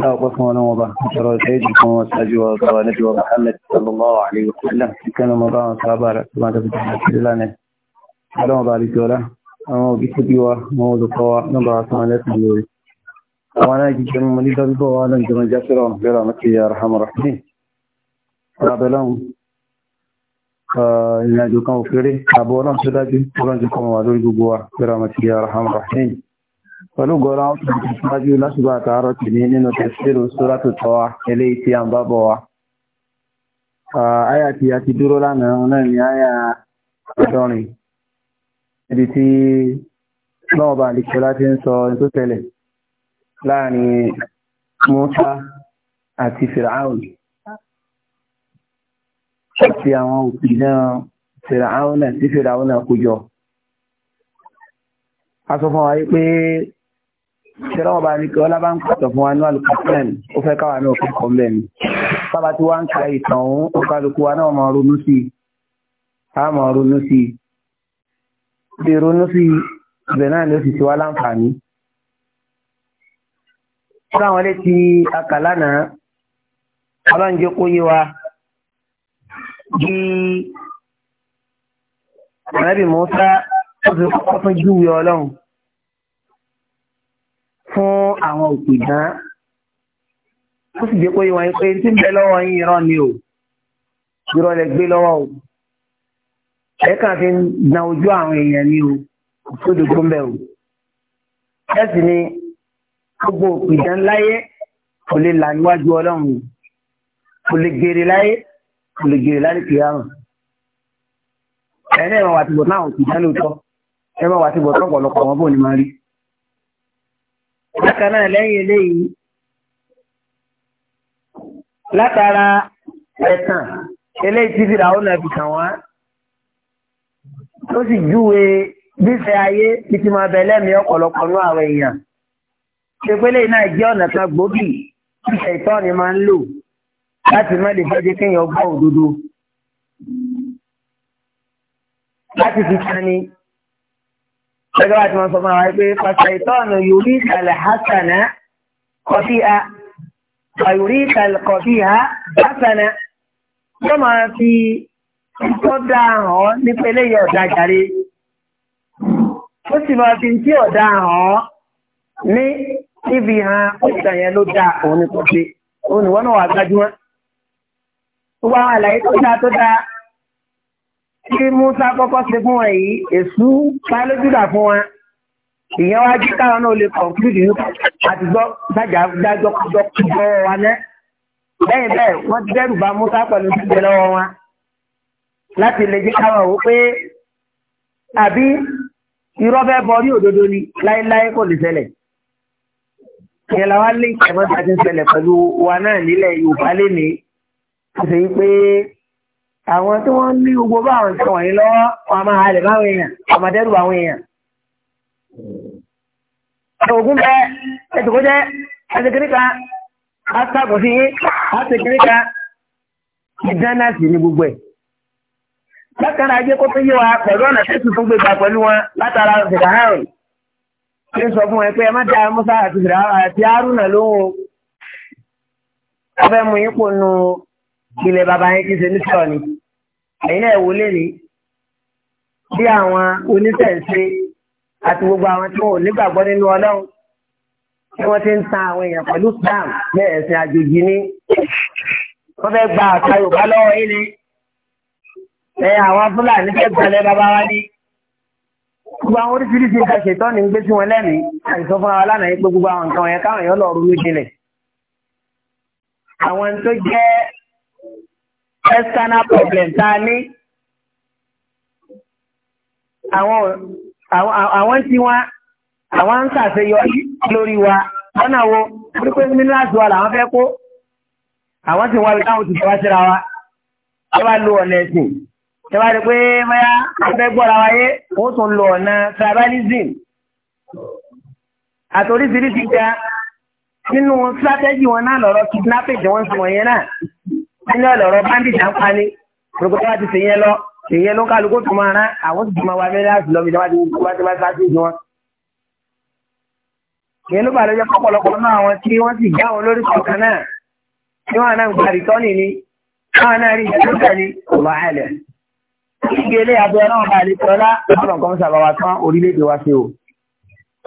لا أقسم ولا وضع ترى سيد محمد أجوى وقوانج ومحمد صلى الله عليه وسلم كان مضاعنا صعبارة ما تفتح لنا ولا وضع لسولة أما بسبيوة موضوع قوى نضع صمانات ملوري وانا اجي جنو مني دبي وانا جنو جاسر بلا مكي يا رحم الرحمن رابلون ìrìnàjò kan òfèrè àbọ̀ ọlọ́run tó dájú ọlọ́run kọmọ wà lórí gbogbo wa pẹ̀lú àmàtí pẹ̀lú gọ́ra síwájú lásìkò àtàárọ̀ tì ní nínú tẹ̀sílù sórà tó tọ́ wa eléyìí tí a ń bá bọ̀ wa. Àyà tí a ti dúró lánàá náà ni àyà ọ̀dọ́rin. Ibi tí lọ́wọ́ bá àlìkọ́ láti ń sọ ní tó tẹ̀lẹ̀ láàrin Mọ́sá àti Fìràáùn. Àti àwọn òkè Fìràáùn náà sí Fìràáùn náà kójọ. A sọ fún wa pé ṣẹlọ́wọ́ bá ní kí ọlá bá ń pàtọ̀ fún wa ní alùpàtàn ó fẹ́ káwà náà fún kan bẹ́ẹ̀ ni bábá tí wọ́n ń ka ìtàn òun ó kálukú wa náà máa ronú sí i a máa ronú sí i bí ronú sí i ibẹ̀ náà ló sì ti wá láǹfààní. káwọn létí akàlánà ọlọ́njẹ́ kó yé wa bí ànábì Mùsá ó fi kọ́kọ́ fún júwe ọlọ́run fún àwọn òpìdán ó sì jẹ́ pé wọ́n pé tí ń bẹ lọ́wọ́ yín irọ́ ni o irọ́ lẹ gbé lọ́wọ́ o ẹ̀ka fi ń dán ojú àwọn èèyàn ni o tó dodo ń bẹ o bẹ́ẹ̀ sì ni gbogbo òpìdán láyé kò lè là níwájú ọlọ́run o kò lè gèrè láyé kò lè gèrè láyé kìíyàrùn ẹ̀rẹ́ ìwọ̀n wà tìbọ̀ náà òpìdán lóòótọ́ ẹ̀rọ wà tìbọ̀ tó ọ̀pọ̀lọpọ̀ wọn bò ní máa rí bákan náà lẹ́yìn eléyìí látara ẹ̀tàn eléyìí tí fìdá ó nàbì kàn wá tó sì júwe bífẹ́ ayé títí máa bẹ lẹ́mìí ọ̀pọ̀lọpọ̀ ní àwọn èèyàn ṣe pé náà jẹ́ ọ̀nà kan gbòógì tí ṣẹ̀tọ́ ni máa ń lò láti má lè fẹ́ jẹ́ kéèyàn gbọ́ òdodo láti fi kan gẹ́gẹ́ bá ti wọ́n sọ fún àwọn pé pàṣẹ ìtọ́nà yorí ìkàlẹ̀ hasana kọfí a yorí ìkàlẹ̀ kọfí a hasana yóò máa fi ìtọ́dá hàn nípele yẹ ọ̀dà jàre ó sì máa fi tí ọ̀dà hàn ní ibi hàn ọ̀dà yẹn ló dáa òun ni kò òun ni wọ́n náà wà gbájúmọ́ gbogbo àlàyé tó dáa tó dáa tí Musa kọ́kọ́ ṣe fún wọn yìí èsú pálójúdà fún wọn ìyẹn wá jí káwọn náà lè kọ̀ǹkúrìdì yìí àti gbọ́ dájà dájọ́ kọjọ́ kọjọ́ wa ná lẹ́yìn bẹ́ẹ̀ wọ́n ti dẹ́rù bà Musa pẹ̀lú síbi lọ́wọ́ wọn láti lè jí káwọn wò pé àbí irọ́ bẹ́ẹ̀ bọ́ ní òdodo ni láéláé kò lè ṣẹlẹ̀ ìyẹn làwọn lè kẹ́mọ́ta ti ń ṣẹlẹ̀ pẹ̀lú wa náà nílẹ̀ Yorùbá lé ní àṣeyí pé àwọn tí wọ́n ní gbogbo bá àwọn ìṣòwò yìí lọ́wọ́ wọn máa halẹ̀ báwọn èèyàn ọmọ dẹ́rù àwọn èèyàn. ògùn bẹ ẹtùkú jẹ àtẹkẹríkà àtàkùn sí àtẹkẹríkà ìdáná sí ní gbogbo ẹ̀. bákan náà ajé kó tó yé wa pẹ̀lú ọ̀nà tó tuntun gbé gbà pẹ̀lú wọn látara ṣèkà hàrùn. ṣé sọ fún ẹ pé ẹ má da Musa àti Haruna lóhùn ọbẹ̀ mú yín pò nù ilẹ̀ bàbá yẹn ti ṣe níṣọ́ ni ẹ̀yin náà wò lé ní bí àwọn oníṣẹ̀ǹṣe àti gbogbo àwọn tí wọn ò nígbàgbọ́ nínú ọlọ́run tí wọ́n ti ń tan àwọn èèyàn pẹ̀lú Islam ní ẹ̀sìn àjòjì ni wọ́n fẹ́ gba àṣà Yorùbá lọ́wọ́ yín ni ẹ àwọn Fúlàní fẹ́ gbalẹ̀ bàbá wa ní gbogbo àwọn oríṣiríṣi nǹkan ṣètọ́ ní gbé sí wọn lẹ́mìí àìsàn fúnra wa lánàá yín pé gbogbo àwọn nǹkan yẹn káwọn èèyàn lọ ronú jinlẹ̀ àwọn tó jẹ́ external problem tá a ní àwọn àwọn tí wọ́n àwọn ń ṣàṣeyọrí lórí wa lọ́nà wo wọ́n pé minerals wa làwọn fẹ́ kó àwọn sì wá bí táwọn òṣìṣẹ́ wá síra wa ẹ bá lo ọ̀nà ẹ̀sìn ẹ bá rí pé bóyá abẹ́ gbọ́ra wáyé wọ́n tún lo ọ̀nà tribalism àtòríṣiríṣi ga nínú strategy wọn náà lọ́rọ̀ kidnapping tí wọ́n ń sọ wọ̀nyẹn náà nínú ọ̀lọ́rọ̀ bandit à ń pa ni gbogbo wa ti sèyẹn lọ sèyẹn ló ń kálukú tó máa rán àwọn tó máa wá mẹ́rin láti lọ bí wọ́n ti wá sí wáṣí láti ìdí wọn. ìyẹn ló bá lọ jẹ́ pọ̀pọ̀lọpọ̀ náà àwọn tí wọ́n sì gbá àwọn olórí kọ̀ọ̀kan náà tí wọ́n náà ń gba rìtọ́nì ni wọ́n náà rí ìjọba ní ọ̀bà àlẹ̀. ìgbélé abẹ́ náà bá lè tọ́lá àwọn nǹkan sábà wà tán orílẹ̀-èdè wa ṣe o.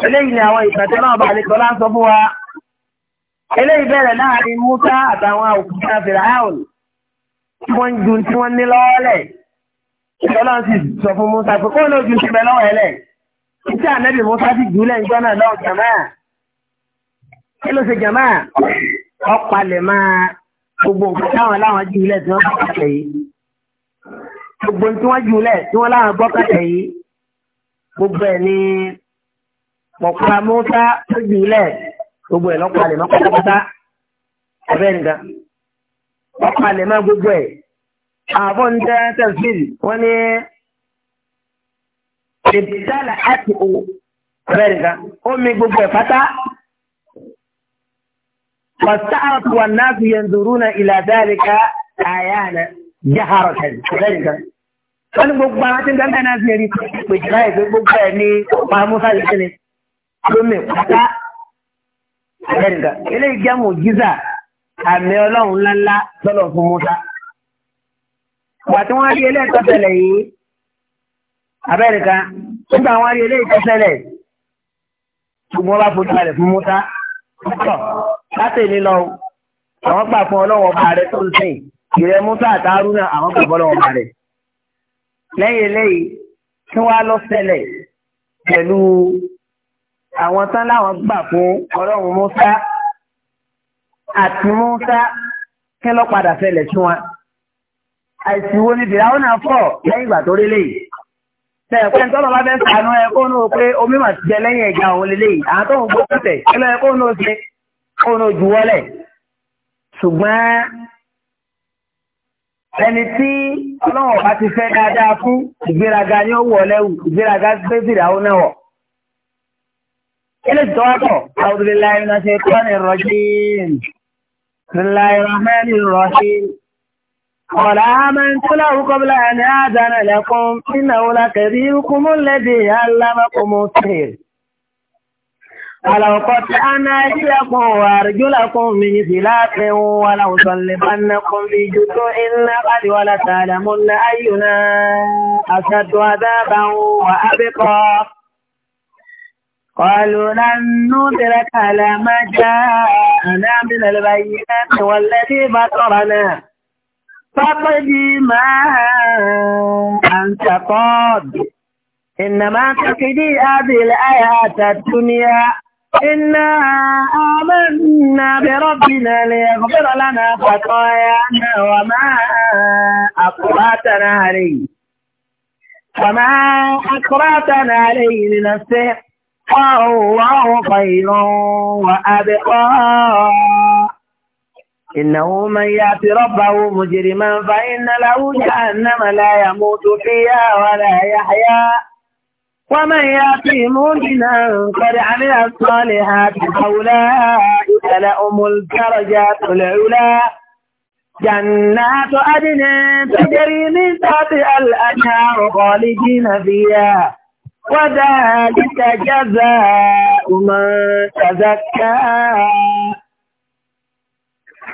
eléyìí ni àwọn ìtàtẹ́ náà bá lè tọ́lá sọ fún wa. eléyìí bẹ̀rẹ̀ láàrin Musa àtàwọn òkúta tí wọ́n ń ju tí wọ́n ní lọ́wọ́ lẹ̀ ọlọ́run sì sọ fún Musa pé kó lóògùn ti bẹ lọ́wọ́ ẹ lẹ̀ títí Musa ti jù lẹ́yìn jọ́nà lọ́wọ́ jàmá kí ló ṣe jàmá ọ̀pàlẹ̀ máa gbogbo nǹkan táwọn láwọn jù tí wọ́n gbọ́ yìí gbogbo tí wọ́n jù tí wọ́n láwọn gbọ́ kàtẹ́ yìí gbogbo ẹ̀ ní pọ̀pọ̀ Musa tó jù gbogbo ẹ̀ lọ́pàlẹ̀ mọ́ pátápátá ẹ̀bẹ́ nìkan wọ́n palẹ̀ mọ́ gbogbo ẹ̀. àbọ̀ ń tẹ́ tẹ̀síìlì wọ́n ní ìdílé àti o bẹ́ẹ̀ nìkan ó gbogbo ẹ̀ pátá. واستعرت والناس ينظرون إلى ذلك آيانا جهرة بẹ́ẹ̀ nìkan wọ́n ní gbogbo àwọn tí ń dáná náà fi rí pèjì láì pé gbogbo ẹ̀ ní mahamusa lè tẹ́lẹ̀ lómi pátá. bẹ́ẹ̀ nìkan eléyìí jẹ́ mọ̀ jíza àmì ọlọ́run ńláńlá lọ́lọ́ fún Musa. Ìgbà tí wọ́n rí eléyìí tó ṣẹlẹ̀ yìí, abẹ́rẹ́ kan, nígbà wọ́n rí eléyìí tó ṣẹlẹ̀, gbogbo wọn bá fojú balẹ̀ fún Musa. Tọ́ láti èmi lọ, àwọn gbà fún ọlọ́run ọba rẹ tó ń sìn, ìrẹ́ Musa àtàrú náà àwọn gbà fọlọ́run ọba rẹ. Lẹ́yìn eléyìí, kí wọ́n á lọ ṣẹlẹ̀ pẹ̀lú àwọn tán láwọn gbà fún ọlọ́run Musa àti Musa kí ló padà fẹlẹ̀ tí wọn. àìsàn wo ni bìràwọ̀ náà fọ̀ lẹ́yìn ìgbà tó rélé yìí. bẹ́ẹ̀ pé ní tọ́lọ́ bá fẹ́ sànú ẹ kó nù pé omi mà ti jẹ lẹ́yìn ẹ̀gá òun lélẹ́yìí àwọn tó ń gbó tẹ̀ kí ló yẹ kó nù ṣe kó nù jù wọlé. ṣùgbọ́n ẹni tí ọlọ́wọ̀n bá ti fẹ́ dáadáa fún ìgbéraga ni ó wọ̀ lẹ́wù ìgbéraga gbé bìràwọ̀ náà wọ̀. ilé ìtọ́wọ́tọ̀ àwùjọ بسم الله الرحمن الرحيم قال آمنت له قبل أن آذن لكم إنه لكبيركم الذي علمكم السحر ولو قطعن أيديكم وأرجلكم من خلاف ولو صلبنكم في جذوع النخل ولتعلمن أينا أشد عذابا وأبقى قالوا لن ندرك على ما جاءنا من البينات والذي فطرنا فاقض ما أنت قاض إنما تقضي هذه الآيات الدنيا إنا آمنا بربنا ليغفر لنا خطايانا وما أقرأتنا عليه وما أقرأتنا عليه لنفسه الله خير وأبقى إنه من يأت ربه مجرما فإن له جهنم لا يموت فيها ولا يحيا ومن يأتي مؤمنا قد عمل الصالحات فأولئك لهم الدرجات العلا جنات عدن تجري من تحتها الأنهار خالدين فيها وذلك جزاء jaza تزكى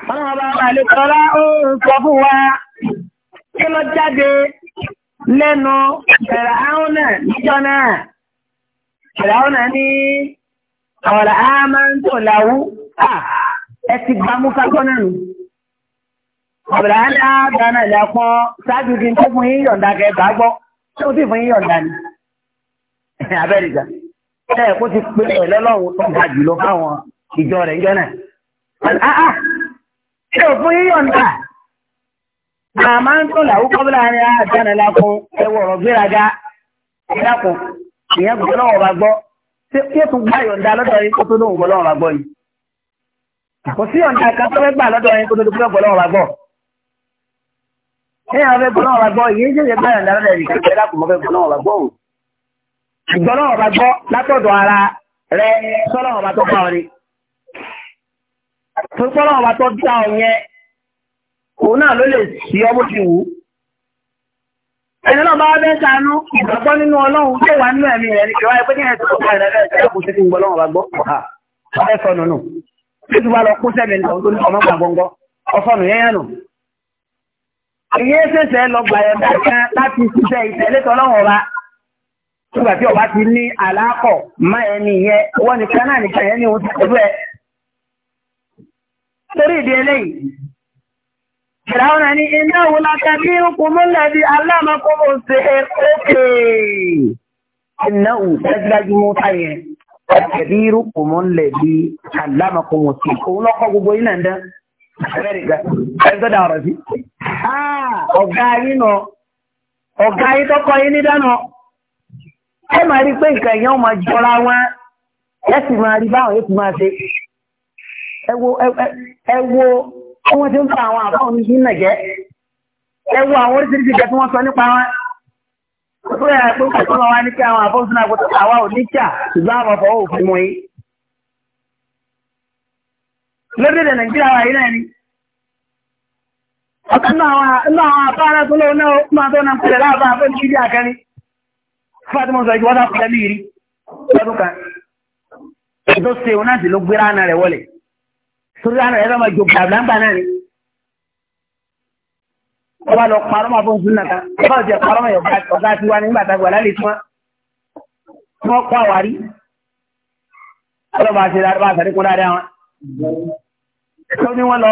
Àwọn ọba àlèkọ́lá ń sọ fún wa kí ló jáde lẹ́nu Fẹ̀ràáúnà níjọ́ náà. Fẹ̀ràáúnà ní ọ̀rọ̀ a máa ń tò láwú. Ẹ ti gba mú kágbọ́ náà nù. Ọ̀rọ̀ a ń dá dáná ìlà ṣáájú kí n tó fún yín yọ̀ǹda kẹta gbọ́. Ṣé o sì fún yín yọ̀ǹda ni? abẹ́rìgà ẹ̀ kó ti pe ẹ̀ tó ga jùlọ fáwọn ìjọ rẹ̀ ńjọ́ náà. àá ah, ah. ṣé òfin yíyọ̀ǹda màmá ń tó làwọn ẹwọ ọ̀rọ̀ gbéraga ìyẹn kò bá gbọ́ kí tó bá gbọ́ yìí. kò sí yọ̀ǹda kan tó ṣùgbọ́n náà ọba gbọ́ látọ̀dọ̀ ara rẹ sọ́nà ọba tó pa ọ ni. tó sọ́nà ọba tó dá ọ yẹn òun náà ló lè sí ọ bó ti wù ú. ẹni náà bá wá bẹ́ẹ̀ ṣàánú ìgbàgbọ́ nínú ọlọ́run yóò wá nínú ẹ̀mí rẹ̀ ní kí wáyé pé ní ẹ̀ tó kọ́ ẹ̀rẹ́ bẹ́ẹ̀ ṣe kò sí ti ń gbọ́ lọ́wọ́ ọba gbọ́ ọ̀hẹ́ sọnù nù. bí tí wàá lọ kú sẹ́mi ní ọdún ọmọ gbàgbọ́ngọ́ ọ̀sọ̀nù yẹn yẹn nù. èyí ṣẹ̀ṣẹ̀ lọ gbà ẹ̀ nígbà tí ọba ti ní àlákọ̀ má ẹni yẹn wọ́n ní kánà nìkan yẹn ní ohun ti pẹ̀lú ẹ̀. torí ìdí eléyìí ìràwọ̀n náà ní iná òun lákẹ́ bí okùn múlẹ̀ bí aláàmọ́kọ́mọ́ ṣe é ókè. iná òun dájúdájú mú táyẹ̀ ọ̀kẹ́bí okùn múlẹ̀ bí aláàmọ́kọ́mọ́ ṣe òun lọ́kọ́ gbogbo iná ń dán. ẹgbẹ́ dà ọ̀rọ̀ sí. ọ̀gá yín náà ọ̀gá yín tó kọ́ yín ní dáná ẹ máa rí pé nǹkan èèyàn máa jọra wọn ẹ sì máa rí báwọn yóò ti máa ṣe ẹ wo ẹ wo bí wọ́n ti ń fa àwọn àbáwọn ní sínú ẹ̀jẹ̀ ẹ wo àwọn oríṣiríṣi ìjọ tí wọ́n sọ nípa wọn tó yà pé kò tó lọ wá ní kí àwọn àbọ̀ sínú àgbọ̀tọ̀ àwa ò ní kíà ṣùgbọ́n àwọn ọ̀fọ̀ ò fi mọ yìí. lórílẹ̀-èdè nàìjíríà wa yìí náà ni ọ̀kan náà àwọn àbá aláṣọ lọ́wọ́ náà ó máa tó náà pẹ̀lẹ́ láàbá àbọ̀ ní ìdí àkẹ́rin. Fátímọ̀ sọ ìjọba náà pẹ̀lú ìrí lọ́dún kan. Ètò ṣeun náà sì ló gbé ránà rẹ̀ wọlé. Torí ránà rẹ̀ lọ́mọ ìjọba àbúláńgbà náà ni. Ọba lọ parọ́ máa fún Súnà kan. Ọba òjò parọ́ máa yọ̀gbá ọ̀gá ti wá nígbà tágbà lálẹ́ tí wọ́n. Wọ́n kọ́ àwárí. Ọlọ́ba àti ìdájọ́ bá sàdékún dáadáa wọn. Tó ní wọ́n lọ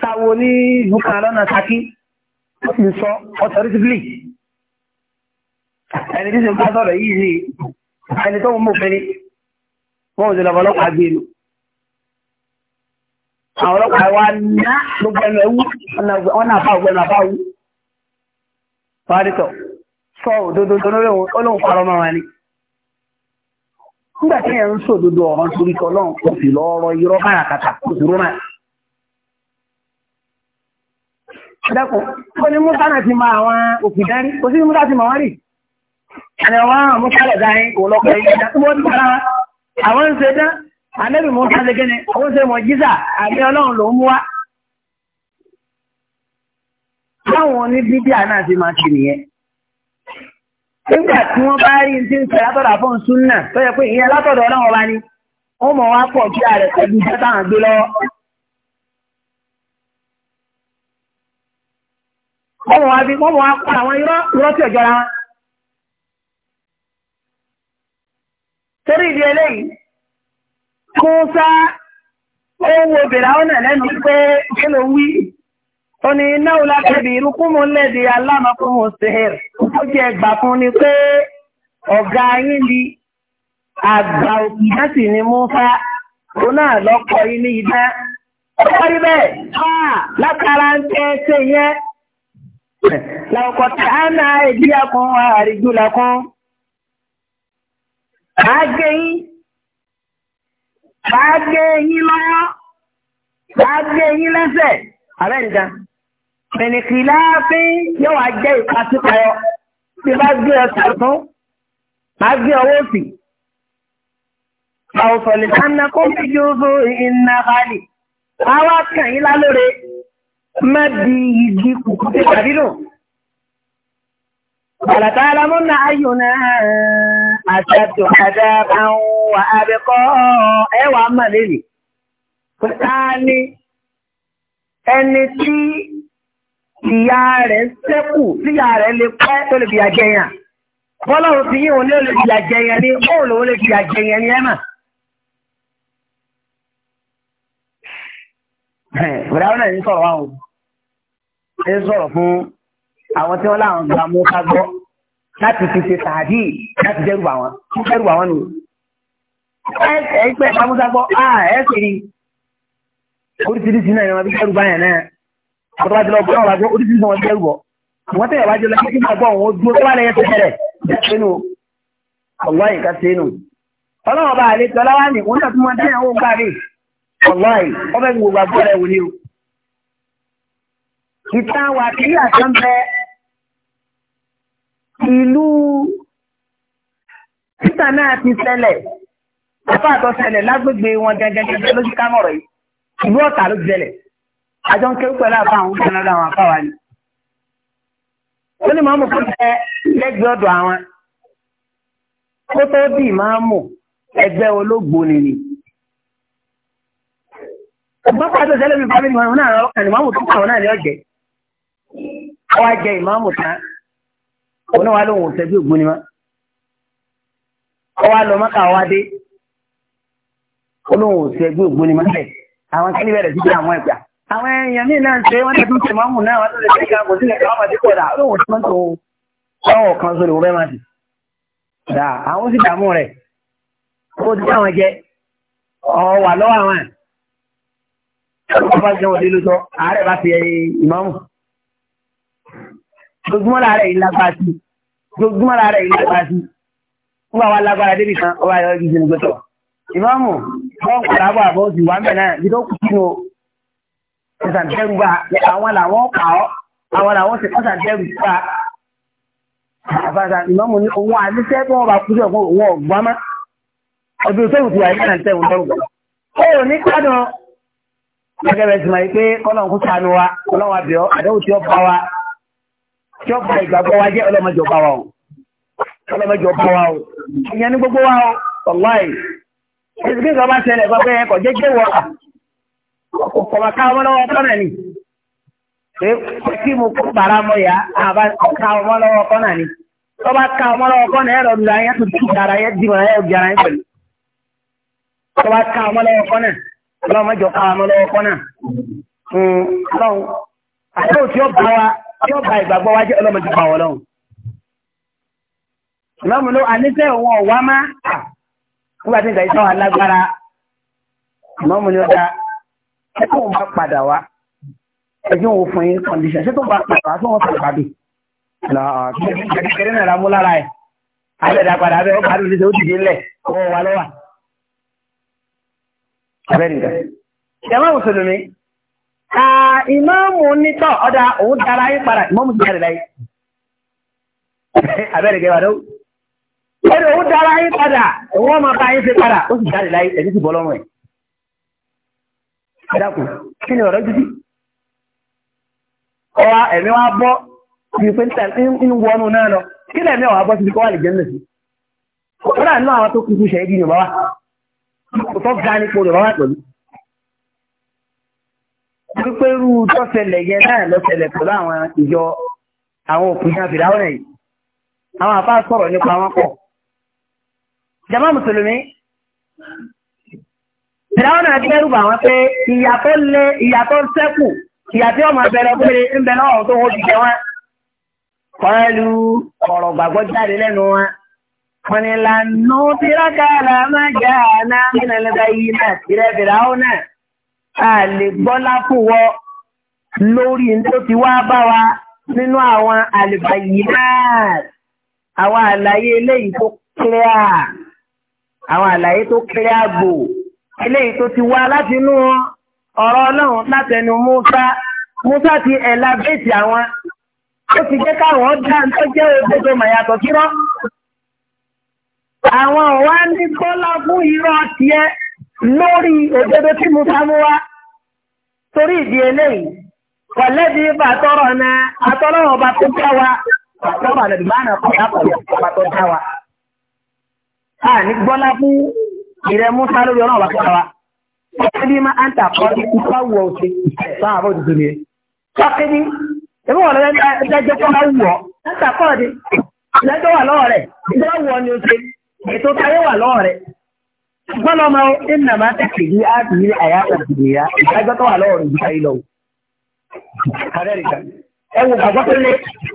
sáwo ní ìlú kan lọ́nà Saki. Ó sì ń sọ ọ̀tọ̀ ẹni tí sì ń bá sọ̀rọ̀ yìí sí ẹni tó ń mú fẹ́ni wọ́n ò sì lọ́wọ́ ọlọ́pàá gbé lò. àwọn ọlọ́pàá wa ná gbogbo ẹnu ẹwú wọn náà bá ògbẹ́nu àbá wú. fáritọ̀ sọ òdodo tónúrẹ́ olóhùn parọ́ mọ́ wọn ni. nígbà tí yẹn ń sọ òdodo ọ̀rọ̀ torí kọ́ lọ́hùn kò sì lọ́ọ́rọ́ irọ́ káràkátà kò sì rúmà. dákun ó ní musa náà ti mọ àwọn òkè dárí kò sí musa ti mọ wọn rí. àná wọn àwọn mọ́sálẹ̀ dáhìn òlọ́pọ̀ yìí tí wọ́n ti para àwọn ń ṣe dán ànábì mọ́sá ṣe kéne àwọn ń ṣe mọ̀ jísà àbí ọlọ́run ló ń mú wa. báwọn ní bíbíà náà ti máa nígbà tí bá rí súnà tó yẹ pé ìyẹn wá kí ààrẹ táwọn torí ìdí eléyìí kó sá ó wo bìràwọ́nà lẹ́nu pé kí ló wí ó ní náà lákẹ́bí irúkúmù lẹ́dí alámakùnrin sehir ó jẹ́ ẹgbà fún ni pé ọ̀gá yín di àgbà òkìyá sì ni mú fá òun náà lọ́kọ̀ yín ní idá ó parí bẹ́ẹ̀ látara ń tẹ́ ṣe yẹn làwọ̀kọ̀ tàánà ìdíyàkùn àríjùlákùn. Màá gé yín. Màá gé yín lọ́wọ́. Màá gé yín lẹ́sẹ̀. Àbẹ́ nìjà. Pẹ̀lẹ́kì láàfin yóò wá jẹ́ ìpàsípayọ. Bí bá gbé ọ̀sẹ̀ tún, màá gbé ọwọ́ òsì. Àwòsàn ìdáná kó fi ju oṣù iná balẹ̀. Àwa kàn yín lálóore. Má di ìdí kùkùté tàbí nù. فلتعلمن أينا أشد عذابا وأبقى ẹwà mọ̀lẹ́lì pẹ̀tàní ẹni tí ìyá rẹ̀ sẹ́kù tí ìyá rẹ̀ lè pẹ́ tó lè fi àjẹyàn bọ́lọ́run ti yíwọ̀n ní fi àjẹyàn ní bóòlù olè fi àjẹyàn ní ẹ̀mà. bùrẹ́ àwọn náà ń sọ̀rọ̀ wa o ń sọ̀rọ̀ fún àwọn tí wọ́n láwọn gba mú ká gbọ́ láti fi ṣe tààdì láti dẹ́rù àwọn tí dẹ́rù àwọn nù. ẹgbẹ́ ìpamọ́sá gbọ́ a ẹ kiri oríṣiríṣi náà ni wọ́n fi dẹ́rù báyẹn náà ọ̀tọ́ bá ti lọ gbọ́dọ̀ wá gbọ́ oríṣiríṣi wọn dẹ́rù bọ̀ wọ́n tẹ̀yẹ̀ wájú lọ́wọ́ kí n bá gbọ́ òun ó dúró tó bá lẹ́yẹ tó tẹ̀lẹ̀ jẹ́ ọlọ́yì ká ṣe nù ọlọ́wọ́ bá àlè tọ́lá wá ní òun náà tún máa dá ìyàwó gbà rí ọlọ́yì ọbẹ̀ gbogbo àgbọ̀ rẹ̀ wò ni o. ìta wà kí ìlú títà náà ti ṣẹlẹ̀ bàbá àtọ́ ṣẹlẹ̀ lágbègbè wọn gẹ́gẹ́gẹ́gẹ́ lójú kámọ̀rọ̀ yìí ìlú ọ̀tà ló ṣẹlẹ̀ àjọ ń kéwú pẹ̀lú àbá àwọn kanáda àwọn àbá wa ni. ó ní màmú kó tẹ lẹ́gbẹ̀ẹ́ ọ̀dọ̀ àwọn kó tó dì màmú ẹgbẹ́ olóògbò nìyí. ọ̀gbọ́n pàtó ṣẹlẹ̀ mi fámìlì wọn náà ọ̀kan ìmàmù tó kà wọn náà ní ọ̀jẹ̀. ọwọ́ ajẹ ìmàmù tán òun wa lóun ṣẹ́jú ògùn ni ma ọwọ́ lọ mọ́kà wá dé olóhùn ṣẹ́jú ògùn ni ma bẹ̀ àwọn kí ni bẹ̀rẹ̀ sí pé àwọn ẹ̀gbà àwọn èèyàn míì náà ń ṣe wọ́n tẹ̀sí ṣe máàmù náà wọ́n tẹ̀sí ṣe kò sílẹ̀ káwọn àti kọ̀dà olóhùn tí wọ́n tó ọwọ́ kan sórí òun bẹ́ẹ̀ máa ti dà àwọn sì dààmú rẹ̀ kó ti táwọn jẹ ọ̀wà lọ́wọ́ àwọn àbájọ́ òde lójọ́ àárẹ̀ bá gbogbo lára yìí lágbára sí gbogbo lára yìí lágbára sí wọn bá wa lágbára débi kan ọba yọ ojú sínú gbẹtọ ìmọ̀mù wọn kọ̀ lábọ̀ àbọ̀ òsì wà ń bẹ̀ náà yìí tó kù sínú ìsàntẹ́rù gbà àwọn làwọn kà ọ́ àwọn làwọn sì kọ́ sàntẹ́rù gbà àfàṣà ìmọ̀mù ní òun àníṣẹ́ tí wọ́n bá kú sí ọ̀gbọ́n òun ọ̀gbọ́n mọ́ ọdún sẹ́wù ti wà ní sàntẹ́rù tẹ́rù bá wa tí ó bá ìgbàgbọ́ wa jẹ́ ọlọ́mọjọba wa o ọlọ́mọjọba wa o ìyẹn ní gbogbo wa o ọláì èsì kí nǹkan bá ṣẹlẹ̀ gbọ́gbẹ́ ẹ̀kọ́ jẹ́jẹ́ wọ ọkọ̀ ká ọmọ lọ́wọ́ kọ́nà ni pé kí mo kó bàrà mọ ìyá àbá ká ọmọ lọ́wọ́ kọ́nà ni tó bá ká ọmọ lọ́wọ́ kọ́nà ẹ̀rọ lu ayé tó ti dára yẹ dì wọn ẹ̀rọ jara yẹn pẹ̀lú tó bá ká ọmọ lọ́wọ́ kọ́nà ọlọ́mọjọ ká ọmọ lọ́wọ́ kọ́nà yóò ba ìgbàgbọ́ wájú ọlọ́mọdé pa wọ́n lọ́hùn. ìmọ̀mù ló àníṣẹ́ òun ọ̀wá má nígbà tí ìgbà yìí sọ́wọ́ alágbára ìmọ̀mù ni ó da ẹ tó ń bá padà wá ẹjọ́ òun fún yín kọ́ndíṣàn ṣé tó ń bá padà wá tó wọ́n fà pàdé. kékeré náà la mú lára ẹ̀ abẹ́dá padà abẹ́ ó parí oníṣẹ́ ó dìde ńlẹ̀ ọwọ́ wa lọ́wà. abẹ́ nìkan. ìyá má wùsùlùmí ìmáàmù nítọ̀ ọ̀dà òun dára yín padà ìmáàmù ti jáde láyé abẹ́rẹ́ gẹ́gẹ́ wàdó ẹni òun dára yín padà òun ọmọ bá yín fi padà ó sì jáde láyé ẹ̀mí ti bọ́ lọ́rùn ẹ̀ ẹ dákun kí ni ọ̀rọ̀ jíjí ọwa ẹ̀mí wa bọ́ bíi pé ń wọnú náà lọ kí lẹ́ẹ̀mí ọ̀wá bọ́ síbi kọ́ wà lè jẹ́ mẹ́sì kọ́dà nínú àwọn tó kúkú ṣẹ́yìn bí yorùbá wa tó wípé irú tọ́sẹlẹ̀ yẹn náà lọ́sẹlẹ̀ pẹ̀lú àwọn ìjọ àwọn òkùnrin àfìdáwọ̀ yìí àwọn àbá sọ̀rọ̀ nípa wọn pọ̀. jama mùsùlùmí fìdáwọ̀ náà dẹ́rù bà wọ́n pé ìyàtọ̀ lé ìyàtọ̀ sẹ́kù ìyàtọ̀ ọmọ abẹ́rẹ́ péré ń bẹ náà tó wọ́n ti jẹ wọn. pẹ̀lú ọ̀rọ̀ gbàgbọ́ jáde lẹ́nu wọn. wọn ni lànà tírákàlà má jà náà a lè gbọ́lá fún wọ lórí tó ti wá bá wa nínú àwọn àlùbáyìí náà àwọn àlàyé eléyìí tó kílíà àwọn àlàyé tó kílíà gbò eléyìí tó ti wá láti inú ọ̀rọ̀ ọlọ́run látẹnu Musa Musa ti ẹ̀la bẹ́ẹ̀sì àwọn ó ti jẹ́ káwọn dá tó jẹ́ òdodo màyàtọ̀ kírọ́ àwọn ọ̀wá ní kọ́lá fún irọ́ tiẹ̀ lórí òdodo tí Musa mú wá. torí ìdí eléyìí wọ̀lẹ́bí bàtọ́rọ̀ náà àtọ́lọ́wọ̀ bá tó dá wa bàtọ́rọ̀ àlẹ́ ìmáàna kọ̀ọ̀dá kọ̀ọ̀dá bá tó dá wa. a ní gbọ́lá fún ìrẹ́ musa lórí ọlọ́wọ̀ bá wa. wọ́n máa ń ipa wọ̀ sáà àbọ̀ tuntun èmi wọ̀ lọ́wọ́ Ìgbọ́lọ́mọ iná máa tẹ̀sí bí a ti rí àyàtọ̀ ìgbìyà ìdájọ́ tó wà lọ́wọ́ rẹ̀ jùlọ ìlọ. Ẹ wo gbàgbọ́ tó lé,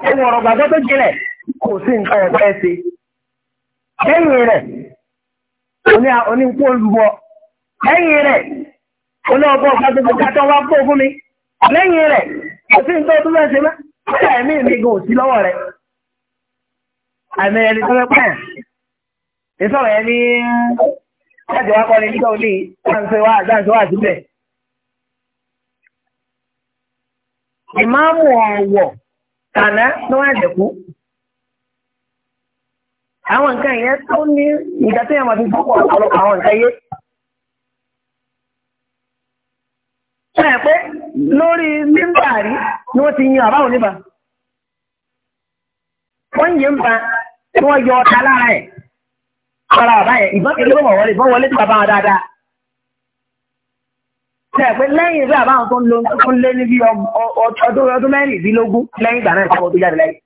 ẹ wo ọ̀rọ̀ gbàgbọ́ tó jinlẹ̀, kò sí nǹkan ọ̀pẹ́ ṣe. Lẹ́yìn rẹ̀, oní oníkú olùwọ̀. rẹ̀, oní ọgbọ́n gbogbo wá fún mi. Lẹ́yìn rẹ̀, kò sí nǹkan tó fẹ́ ṣe mọ́. ẹ̀mí mi gan lọ́wọ́ láti wá kọ́ni nígbà òní dáńsẹ́ wá síbẹ̀. ìmáàmù ọ̀wọ̀ tàná ló wá jẹ̀kú. àwọn nǹkan yẹn tó ní ìgbà tó yẹ máa fi gbọ́pọ̀ ọ̀pọ̀lọpọ̀ àwọn nǹkan yé. ṣe é pé lórí mímbàrí ni wọ́n ti yan àbá òní bá. wọ́n yin ba tí wọ́n yọ ọ̀tá lára ẹ̀ ara àbáyẹ ìbọn kí ló mọ̀ wọlé ìbọn wọlé tó bàbá wọn dáadáa. Ṣé pé lẹ́yìn ìwé àbáwọn tó ń lo tó ń lé ní bí ọdún ọdún mẹ́rìndínlógún lẹ́yìn ìgbà náà ìfọwọ́ tó jáde lẹ́yìn.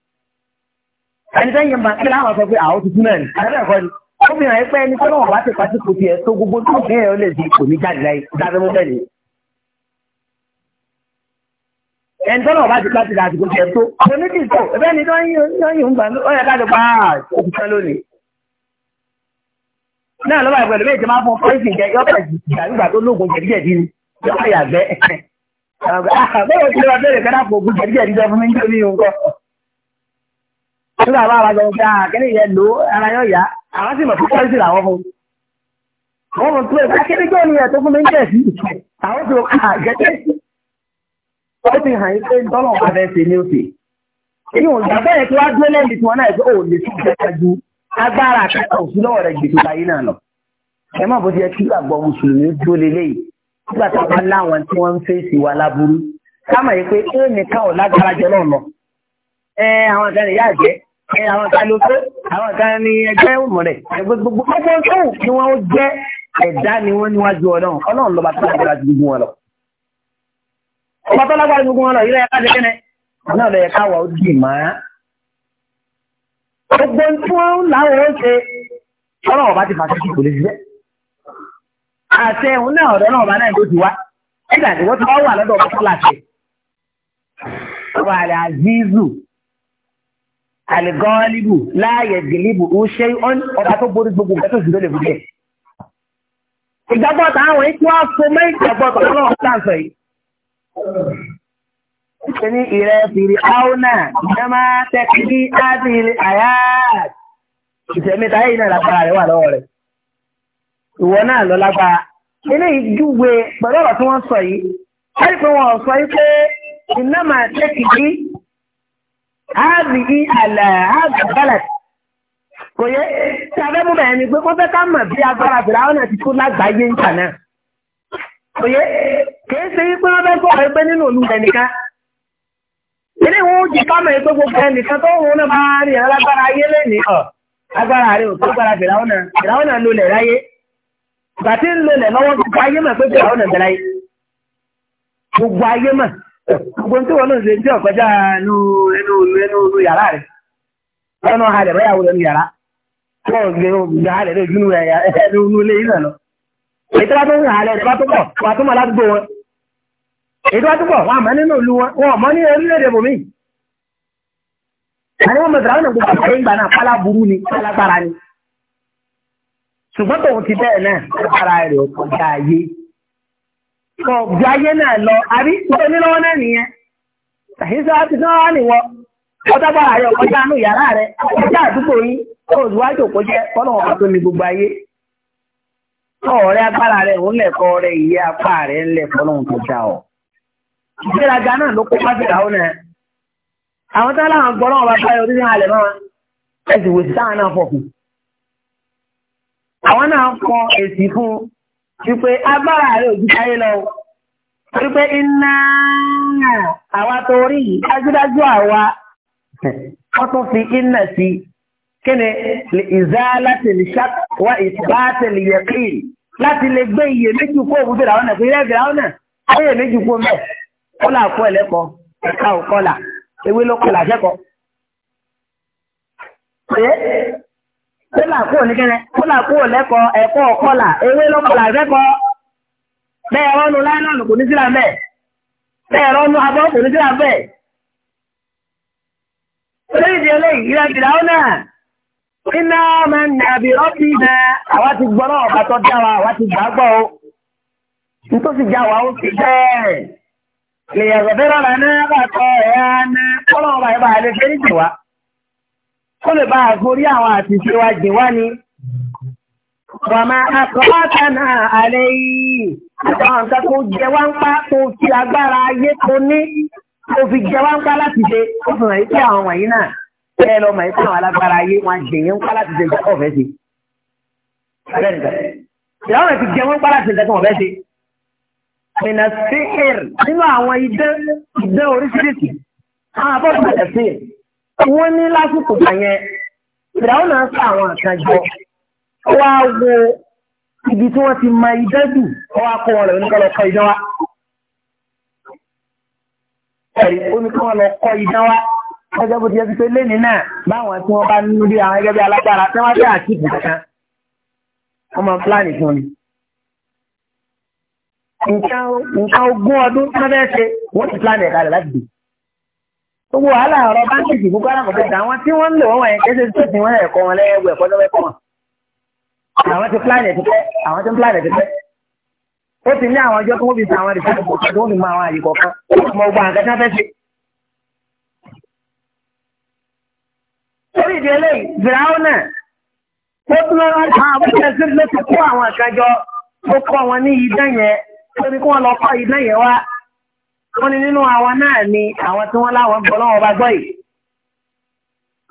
Ẹni tẹ́yìn yẹn bá kí láwọn sọ pé àwọn tuntun náà ni àbẹ́rẹ́ ẹ̀kọ́ ni. Ó fi hàn pé ẹni tó náà wá ti pàṣẹ kò tiẹ̀ tó gbogbo tó fi hàn lè di kò ní jáde lẹ́yìn dábẹ́ mú bẹ́ẹ̀ ni. Ẹni tó náà wá ti pàṣẹ kò tiẹ̀ tó. Àwọn méjì tó ẹ̀bẹ́ ni tó ń yún gbà ó yẹ ká náà lọ́wọ́ ìpẹ̀lú méjì máa fún pọ́ìsì jẹ yọ́pẹ̀ ìgbà tó lóògùn jẹ̀díjẹ̀dí ni yọ́pẹ̀ yàgbẹ́ ah, bẹ́ẹ̀ tí wọ́n bẹ̀rẹ̀ kẹ́dà fún ògùn jẹ̀díjẹ̀dí jẹ fún mi nítorí nǹkan nígbà bá wa lọ gba ah, kíní yẹn lò ara yóò yá àwọn sì mọ̀ fún pọ́ìsì làwọn fún wọ́n mọ̀ pé ah, kíní tó ní ẹ̀ tó fún mi ń àwọn tó àgẹ́tẹ́ ti hàn yín pé tọ́lọ̀ agbára àkàtà òsì lọ́wọ́ rẹ̀ gbèsè láyé náà lọ. ẹ má bó ti yẹ kí gbàgbọ́ mùsùlùmí dúró lélẹ́yìí nígbà tá a bá láwọn tí wọ́n ń fèsì wa láburú ká mọ̀ yìí pé ó nìkan ò lágbára jẹ náà lọ. ẹ àwọn kan ìyá àjẹ ẹ àwọn kan ló pé àwọn kan ní ẹgbẹ́ òmò rẹ̀ gbogbo gbogbo tó kí wọ́n jẹ́ ẹ̀dá ni wọ́n níwájú ọlọ́run ọlọ́run lọ́ba tó lágbára ju gbogbo wọn lọ. ọba tó lágbára ju gbogbo tí wọ́n ń láwọn ó ṣe ọ̀rọ̀ ọba ti fàṣẹ kí kò lè ṣiṣẹ́. àṣẹ òun náà ọ̀dọ́ náà ọba náà ló ti wá nígbà tí wọ́n ti wá wà lọ́dọ̀ ọba tó láṣẹ. ọba àlẹ́ àzízù àlẹ́gọ́ọ́lìbù láàyè gìlìbù ó ṣe ọba tó borí gbogbo nǹkan tó sì lólè fún bẹ́ẹ̀. ìgbàgbọ́ táwọn ètò àfọmọ́ ìgbàgbọ́ tọ́lọ́ ní ìrẹ́ fìrí áúnà ìjọmá tẹ́kì ní áti ilẹ̀ àyà ìtẹ̀mẹ́ta yìí náà lágbára rẹ̀ wà lọ́wọ́ rẹ̀ ìwọ náà lọ lágbára ilé ìjúwe pẹ̀lú ọ̀rọ̀ tí wọ́n sọ yìí wọ́n rí pé wọ́n sọ yìí pé iná máa tẹ́kì ní áàbì ní àlà áàbì bálàt kò yẹ tí a bẹ̀rẹ̀ ni pé wọ́n fẹ́ ká mọ̀ bí agbára fìrí áúnà ti tó lágbàáyé ń tà náà kò yẹ kì í ṣe yí pé wọ́n fẹ́ gbọ́ jẹ́ kámọ̀ ètò gbogbo ẹnìkan tó wọn náà bá rí ẹ̀rọ lágbára ayé lẹ́nìí ọ̀ agbára rẹ̀ ò tó gbára fìràwọ̀nà fìràwọ̀nà lólẹ̀ láyé bàtí ń lólẹ̀ lọ́wọ́ gbogbo ayé mọ̀ pé fìràwọ̀nà bẹ̀ láyé gbogbo ayé mọ̀ gbogbo tí wọn náà ṣe tí ọ̀kọjá ẹnu ẹnu ẹnu yàrá rẹ̀ ọ̀nà halẹ̀ báyàwó lẹ́nu yàrá wọ́n gbé halẹ̀ lójú ẹnu eh, eh, ilé yìí náà lọ èyí tó bá tó ń halẹ̀ tó bá tó pọ̀ wà àmọ́ nínú ìlú wọn wọn àmọ́ ní orílẹ̀-èdè bòmíì àwọn ọmọ ìgbà náà gbogbo àgbẹ̀ ìgbà náà pálá burú ni alágbára ni ṣùgbọ́n tòun ti bẹ́ẹ̀ náà agbára rẹ̀ ọ̀kọ̀jà ayé ọ̀gbìn ayé náà lọ àbí tó nílọ́wọ́ náà nìyẹn ṣàhíṣọ́ á ti sán wá nìwọ ọ̀dọ́gbà rẹ̀ ọ̀kọ̀jà ya rẹ̀ ọ̀kọ̀jà àdúgbò yín olùwájú jẹ́ àwọn tó láwọn gbọ́rọ̀ ọba báyọ̀ orí náà lẹ̀ máa ẹ̀sìn wòsì táwọn náà fọ̀kù. àwọn náà kọ èsì fún wípé agbára rẹ̀ òjú táyé lọ wípé iná àwa tó rí yìí dájúdájú àwa wọ́n tún fi iná sí kíni ìzálàtì ìṣàk wa ìbátì ìyẹ̀kìn láti lè gbé iyèméjì kó òwúdó làwọn náà fi rẹ́ẹ̀dì làwọn náà ayé méjì kó mẹ́ẹ̀ kọ́là kó ẹ̀lẹ́kọ̀ọ́ ẹ̀ka òkọ́là. ewé ló kọlà akẹ́kọ̀ọ́. Ṣé kólà kúrò ní kẹ́rẹ́ kólà kúrò lẹ́kọ̀ọ́ ẹ̀kọ́ kọlà ewé ló kọlà akẹ́kọ̀ọ́. Bẹ́ẹ̀ rọ́nu láìlọ́nù kò ní síra kò ní síra àwa ti o. ó ti lèyàgbẹ́rọ̀ rà náà bàtọ̀ ẹ̀yà náà kọ́lọ̀ ọba ẹ̀bà alẹ́ fẹ́ bá àforí àwọn àtìsí wa jì wá ni bàmá akọ́ta náà alẹ́ yìí àwọn nǹkan tó jẹ wá ń pa tó fi agbára ayé tó ní tó fi jẹ wá ń pa láti ṣe ó fi hàn pé àwọn wọ̀nyí náà bẹ́ẹ̀ lọ́mọ yìí fún àwọn alágbára ayé wọn jẹ ń pa láti ṣe ìjọba ìnà síhìr nínú àwọn idán idán oríṣiríṣi àwọn abọ́dún ẹ̀sìn wọ́n ní lásìkò yẹn ìdáwó náà sọ àwọn àkànjọ wá wo ibi tí wọ́n ti mọ idán jù wọ́n á kó wọn lọ nípa lọ kọ́ idán wa. ẹ̀rí ó ní kí wọ́n lọ kọ́ idán wa ọjọ́ bó ti yẹ ti pé lẹ́nìí náà báwọn tí wọ́n bá nínú bí àwọn ẹgbẹ́ bí alágbára tí wọ́n bá àti ìbùkún wọ́n máa ń pílánì nǹkan ogún ọdún mẹ́fẹ́ ṣe wọ́n ti plan ẹ̀ka rẹ̀ láti dè. gbogbo wàhálà ọ̀rọ̀ báńkì ìbú kọ́ra kò àwọn tí wọ́n ń lò wọ́n wọ̀nyẹn kẹ́sẹ̀ tó ti wọ́n ẹ̀kọ́ wọn lẹ́wọ̀ ẹ̀kọ́ lọ́wọ́ ẹ̀kọ́ wọn. àwọn ti plan ẹ̀tí pẹ́ àwọn ti plan ẹ̀tí pẹ́. ó ti ní àwọn ọjọ́ tó wọ́n fi sàn àwọn rìsáàtì tó wọ́n fi àwọn àyè kọ̀ọ̀kan mọ gbogbo àwọn kẹta fẹ́ ṣe. torí ìdí eléyìí gbìràwọ̀ náà ó tún lọ́wọ́ àwọn abúlé àwọn àkájọ tó kọ́ wọn ní idán lórí kí wọ́n lọ kọ́ iná yẹn wá wọ́n ní nínú àwọn náà ni àwọn tí wọ́n láwọn gbọ́ lọ́wọ́ bá gbọ́ yìí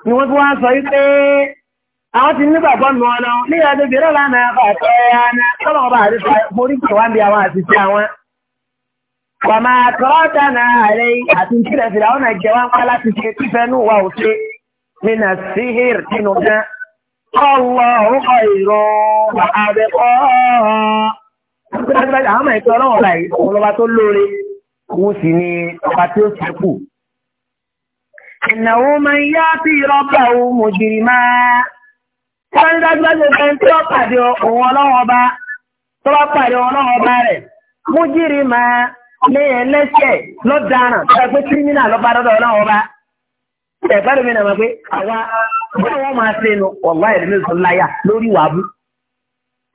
ni wọ́n tún wá sọ yìí pé àwọn ti nígbàgbọ́ nù ọ̀nà ní ọdún bìíràn lánàá àtọ́ ẹ̀yánná tọ́lọ́wọ́ bá àdúgbò forí kò wá ń bi àwọn àti sí àwọn. Wàmà àtọ́ọ́tà náà àrẹ àti ìtìlẹ̀ fìlà ọ̀nà jẹ́ wá ń pa láti ṣe kífẹ́ nù wà ó ṣe nínà síhìr nínú gan. Ọlọ́run ọ̀ ìrọ̀ àbẹ̀kọ́. àgbẹ̀dàgbẹ̀dà àwọn ẹ̀kọ́ ọlọ́wọ́ báyìí òun lọ́ba tó lóore òun sì ni ọba tí ó sẹ́kù. ìnáwó máa ń yá sí rọ́bà ohun mòjìrì máa. àgbẹ̀dàgbẹ̀dà tí ó pàdé ọlọ́wọ́ bá tó bá pàdé ọlọ́wọ́ bá rẹ̀ mòjìrì máa ní tó bá pé dọ́dọ̀ ọlọ́wọ́ bá. mi máa pé àwa máa ṣe nu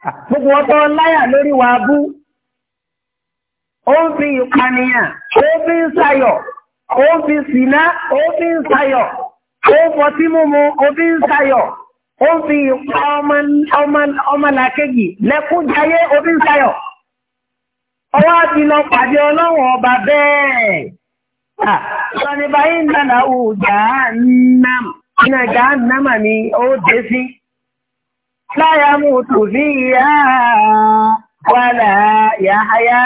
Gbogbo ọ̀tọ̀ láyà lórí wa bú. Ó ń fi ìpànìyàn, ó fi ń sayọ̀, ó fi sìná, ó fi ń sayọ̀, ó fọtí múmu, ó fi ń sayọ̀, ó fi ìpa ọmọlàkejì lẹ́kúnjayé, ó fi ń sayọ̀. Ọwọ́ àti lọ pàdé ọlọ́run ọba bẹ́ẹ̀. Sọ̀nìbáyé ń dànà òjà náà, iná ìjà náà mà ni ó dé sí. لا يموت فيها ولا يحيا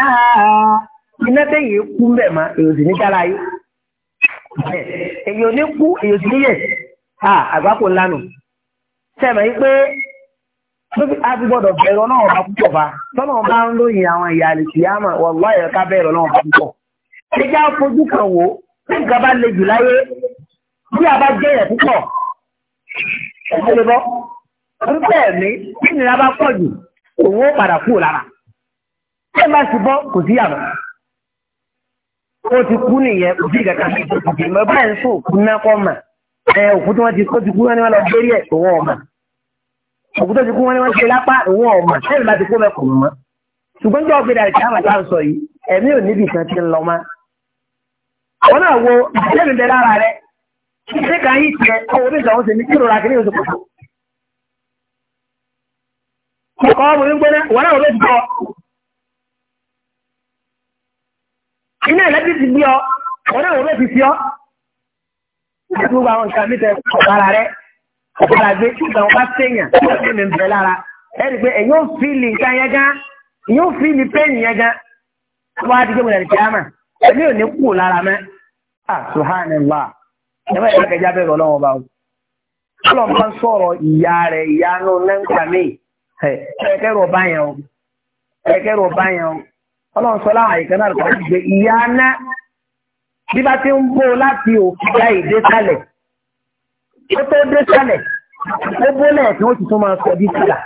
iná tẹ́yìn kú mbẹ̀ ma èyí sì ní dára yìí èyí ò ní kú èyí sì ní yẹ̀ à àgbákò lánàá sẹ́mi yìí pé lóbi a ti gbọ́dọ̀ bẹ̀rù ọlọ́run ọba púpọ̀ bá tọ́nà ọba ń lóyìn àwọn ìyá àlèkì àmà wọ̀lọ́ ẹ̀rọ ká bẹ̀rù ọlọ́run ọba púpọ̀ ẹjẹ́ àfojú kan wò ó nǹkan bá le jù láyé bí a bá jẹ́yẹ̀ púpọ̀ ẹ̀jẹ̀ lè bọ́ orúkọ ẹ̀mí tí ìnira bá pọ̀ jù òun ó padà kú lára tí ẹ bá sì bọ́ kò sí àmọ́ ó ti kú nìyẹn kò sí ìkàkà sí ìkàkà ìmọ̀ báyìí ń sọ òkú náà kọ́ mà ẹ òkú tí wọ́n ti kó ti kú wọn ni wọ́n lọ gbérí ẹ̀ òun ọ̀mà òkú tó ti kú wọn ni wọ́n ṣe lápá òun ọ̀mà sẹ́yìn bá ti kó mẹ́kùn mọ́ ṣùgbọ́n jọ́ gbé dàrí káàmà tá à ń sọ yìí ẹ̀mí ò níbi kan ti ń lọ ọkọ̀ ọmọ ìgbóná wọ́n náà ló gbọ́ iná ẹ̀lẹ́tìtì bí ọ wọ́n náà ló fi fi ọ́ àti gbogbo àwọn nǹkan mi tẹ ọ̀kára rẹ ọ̀kára gbé ìgbà wọn bá sèèyàn ní mi bẹ̀ lára ẹ̀rí pé ẹ̀yọ́ fíìlì nǹkan yẹn gan ẹ̀yọ́ fíìlì pẹ́ẹ̀nì yẹn gan wọ́n á ti gbẹ́mọ̀ ẹ̀rì kíámà ẹ̀mí ò ní kú lára mẹ́ ah, subhanallah ẹ̀fẹ̀ ìdákẹ́jà bẹ̀rẹ̀ ọlọ́wọ́ bá wọn. ọlọ́run bá ń sọ̀rọ̀ ìyá rẹ̀ ìyá ẹ̀kẹ́rù ọba yẹn o ẹ̀kẹ́rù ọba yẹn o ọlọ́run sọ láwọn àyíká náà lọ́wọ́ gbé ìyá ná bí bá ó tó dé sálẹ̀ ó bólẹ̀ tí wọ́n ti tún máa sọ bí sílà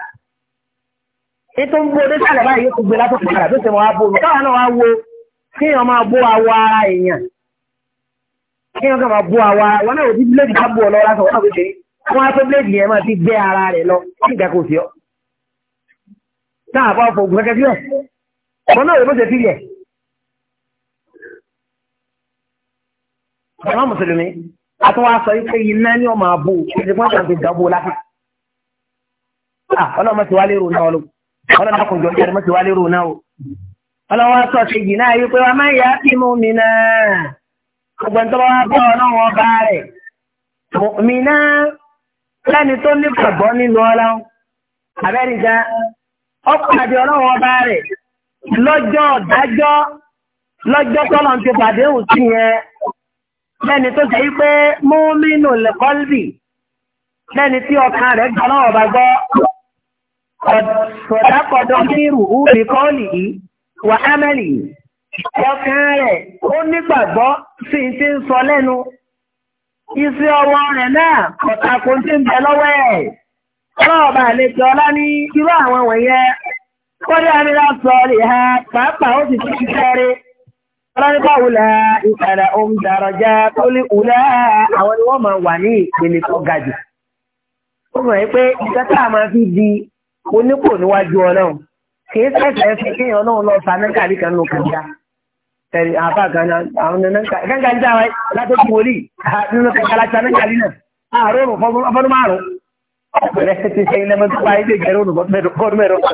ètò ń bó dé sálẹ̀ báyìí yóò tún gbé látòkè padà tó ṣe máa bó mi káwọn náà wá wo kéèyàn máa bó awọ ara èèyàn kéèyàn kàn máa bó awọ ara wọn náà ò ti bíléèdì bá bó ọ lọ lásán wọn náà kò ṣe wọn á tó bíléèdì yẹn máa ti gbé ara rẹ̀ lọ nígbà kò táà bá fògùn kẹ́kẹ́ sílẹ̀ ọmọ náà yóò ṣe fi yẹ. ọmọ mùsùlùmí àtúwà sọ pé iná ní ọmọ àbò ìṣègùn àti ìdánwò láti. ọlọ́mọ ti wá lérò náà ọlọ́ ọlọ́mọ kò jọ ìṣẹ́rẹ́ mọ́ ti wá lérò náà o. ọlọ́wọ́ sọ ṣèjì náà yí pé wọ́n máa ń yá sí mú mi náà. ọgbọ̀n tó bá wá bọ́ ọlọ́wọ́ bá rẹ̀. mi náà lẹ́ni tó ní gbàgbọ́ nínú ọlọ́run àbẹ́rìndá ọ̀pàdé ọlọ́run ọba rẹ̀ lọ́jọ́ ọ̀dájọ́ lọ́jọ́ tọ́lọ̀ ti pàdé òun sí yẹn lẹ́ni tó ṣe yí pé múmínú lẹ́kọ́lbì lẹ́ni tí ọkàn rẹ̀ gbọ́ náà ọba gbọ́ ọ̀dàkọ̀dọ̀ nírù úbi kọ́ọ̀lì yìí wà ámẹ́lì yìí ọkàn rẹ̀ ó nígbàgbọ́ sí ti ń sọ lẹ́nu iṣẹ́ ọwọ́ rẹ̀ náà kọ̀tàkùn ti ń bẹ lọ́wọ́ ẹ̀ ọlọ́ọ̀bà àlejò ọlá ní irú àwọn wọ̀nyẹn kódé àmìlá sọ̀rì ha pàápàá ó sì ti fi sẹ́rí ọlọ́nípa wùlà ìkàrà ohun dàrọ̀já tó lè wùlà àwọn ni wọ́n máa wà ní ìpele tó ga jù. ó mọ̀ pé ìjọ tá a máa fi di onípò níwájú ọlọ́run kì í sẹ́sẹ̀ fi kéèyàn náà lọ sa nánkàlí kan ló kànga. ẹ̀rì àbá kan náà àwọn nánkàlí kànga ń dá wa látọ́jú wòlíì nínú kànga láti sa nánkàlí náà àárọ̀ òrùn fọ́dún márùn-ún ọ̀pẹ̀lẹ̀ ti ṣe ilẹ̀ mọ́tò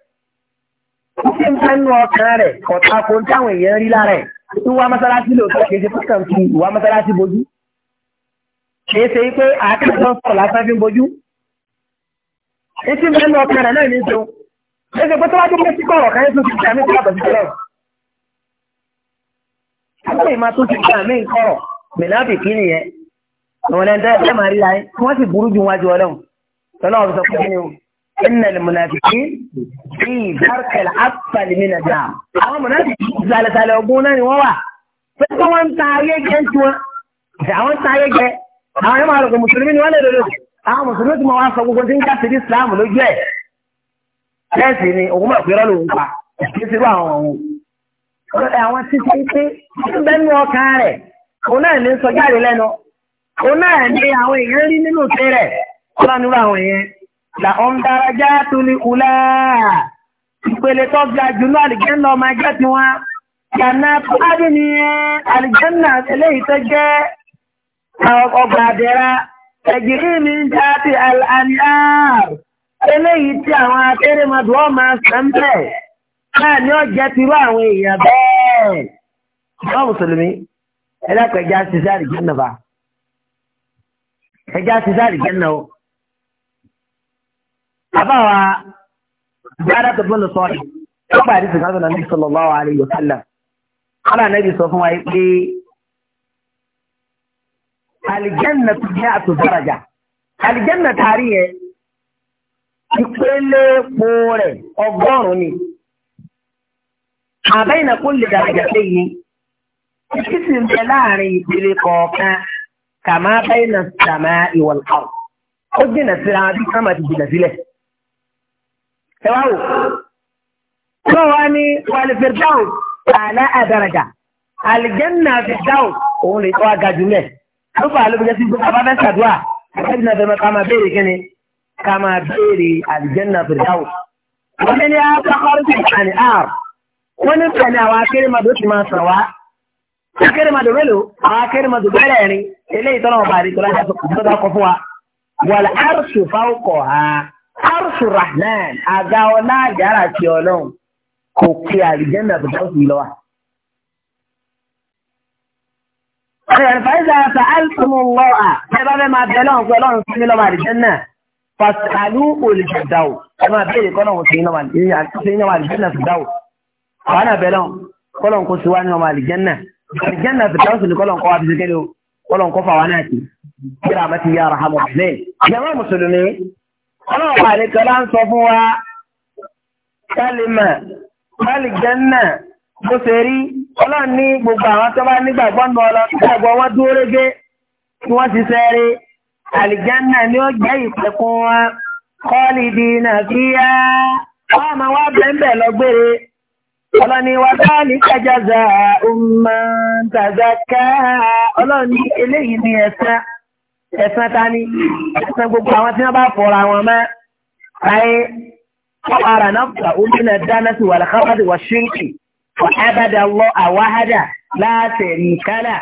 Ṣé ń tánú ọkàn rẹ̀ kọ̀tà kò ń táwọn èèyàn rí lára ẹ̀? Ìwà mọ́sálásí lòótọ́ kìí ṣe fúkàn fi ìwà mọ́sálásí bojú. Kìí ṣe pé àákàtọ́ sọ̀rọ̀ lásán fi ń bojú. Etí ń tánú ọkàn rẹ̀ náà ní ṣeun. Ṣé ṣe pé tó wá dé pé síkọ̀ ọ̀kan yẹn tún ti kàmí sí àbọ̀ sílẹ̀? Ṣé ìmá tún ti kàmí ń kọ̀rọ̀? Mìláàbì kí nìyẹn? Ìwọ̀n إن المنافقين في درك الأسفل من النار أو منافقين زالت على أبونا ووا فأنتوا أنت عيجة أنتوا àwọn tá ayé jẹ àwọn yẹn máa rògbò mùsùlùmí ni wọn lè rògbò àwọn mùsùlùmí tí mo wá sọ gbogbo tí ń jáde ní islam lójú ẹ bẹ́ẹ̀ sì ni òun máa pèrọ lòun pa kí sírú àwọn ọ̀hún. àwọn tí ṣe pé bẹ́ẹ̀nu ọkàn rẹ̀ òun náà ní sọ jáde lẹ́nu òun náà ní àwọn èèyàn rí nínú tẹ́rẹ̀ kọ́lá nínú àwọn èèyàn làwọn dáradá tó ní kúlá ìpele tó ga jù ní àlìjẹ́nà ọmọ ẹgbẹ́ tí wọ́n yànà pàdé ní àlìjẹ́nà eléyìí tó jẹ́ ọgbà àdẹ́ra ẹ̀jìrí mi ń já ti àlìyàr eléyìí tí àwọn akérèmọdù ọmọ sẹ́ńtẹ̀ náà ni ó jẹ́ tirú àwọn èèyàn bẹ́ẹ̀. ọmọ mùsùlùmí ẹlẹ́kọ̀ọ́ ẹja ti sáré jẹ́ nàbà ẹja ti sáré jẹ́ nàbà. àbáwa dáadáa tó gbọ́dọ̀ sọ yìí ó gbà àdìsí kan sọ̀rọ̀ ní sallallahu alaihi wa sallam kọ́lá náà bí sọ fún wa yìí pé alìjẹ́nà tó jẹ́ àtòdárajà alìjẹ́nà tààrí yẹn ìpele po rẹ̀ ọgọ́rùn-ún ni àbẹ́yìnà kó lè dàgbà lẹ́yìn títí sì ń bẹ láàrin ìpele kọ̀ọ̀kan kàmá bẹ́yìnà sàmá ìwọ̀lọ́ọ̀ ó jìnà síra bí sámà ti jìnà sílẹ̀. ẹ wá wò wọ́n wá ní wàlìfẹ̀dáwò àlá àdàràjà àlìjẹ́nà fẹ̀dáwò òun lè tọ́ aga jùlẹ̀ ló fà á ló fi jẹ́ sí gbogbo abáfẹ́ sàdúrà àtẹ́bí náà fẹ́mọ́ ká máa béèrè kíni ká máa béèrè àlìjẹ́nà fẹ̀dáwò. wọ́n ní abakọ́rọ́ ti àní r wọ́n ní pẹ̀lú àwọn akérèmọdò ti máa sàn wá akérèmọdò mélòó àwọn akérèmọdò bẹ́rẹ̀ rin eléyìí tọ́lọ́mọba àdìgbò arṣu rahman àga ọlá àjàrà ti ọlọ́run kò pe àlùjànnà tó tó fi lọ́wọ́. Fàìsà àṣà àìsùnmùlọ́à ẹ bá fẹ́ máa bẹ̀rẹ̀ lọ́wọ́ pé ọlọ́run fún mi lọ́wọ́ àlùjànnà. Fàṣàlú olùṣèdáwò ẹ máa béèrè kọ́lọ́run sí ìyàwó àlùjànnà tó dáwò. Àwọn àbẹ̀ lọ́wọ́ kọ́lọ́run kò sí wá ní ọmọ àlùjànnà. Àlùjànnà tó dáwò sí kọ́lọ́run kọ́ wa fi Kọ́lọ́run kọ́ fà wá náà sí. Bí ọlọ́run àdìkọ́lá ń sọ fún wa kálímà kálíjẹ́nà bó ṣe rí ọlọ́run ní gbogbo àwọn tó bá nígbàgbọ́ ń lọ lọ nígbàgbọ́ wọn dúró régé tí wọ́n ti sẹ́rí àlìjẹ́nà ni ó jẹ́ wa bẹ́ẹ̀ lọ gbére ẹ̀sán ta ni ẹ̀sán gbogbo àwọn tí wọ́n bá fọ̀ra wọn mọ́ ayé ọ̀hárà náà fà omi náà dáná sí wàlá kábàdì wà ṣínkì wà ábàdà lọ àwáhádà láti rí kálà.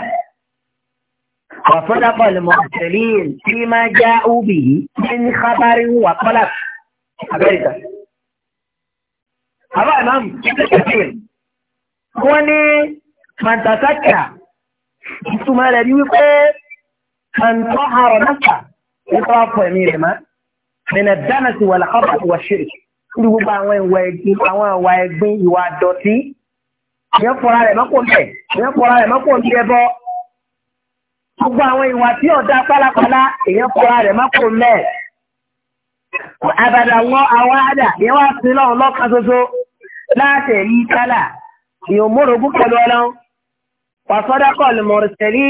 وصدق المرسلين فيما جاءوا به من خبر وقلق أمريكا àbá imam wọ́n ní fantasaka ìtumọ̀ rẹ̀ ní wípé kàńtọ́ àrọ̀ náà ń tọ́ àpò ẹ̀mí rẹ̀ mọ́ nínú dáná sí wàlá ọ̀pọ̀ àti wàṣírí kúrú gbogbo àwọn ìwà ẹ̀gbin àwọn ìwà ẹ̀gbin ìwà àdọ̀tí ìyẹn fọra rẹ̀ mọ́kò ńbẹ̀ ìyẹn fọra rẹ̀ mọ́kò ńbí ẹbọ gbogbo àwọn ìwà tí ọ̀dà pálapàla ìyẹn fọra rẹ̀ mọ́kò ńbẹ̀ àbàdà wọn àwọn àdà ìyẹn wá sí lọ́run lọ́kàn ṣoṣo láti ẹ̀yí kálà ìyẹn òmòrògùn pẹ̀lú ọlọ́run wàsọ́dákọ̀ lè mọ̀ tẹ̀lé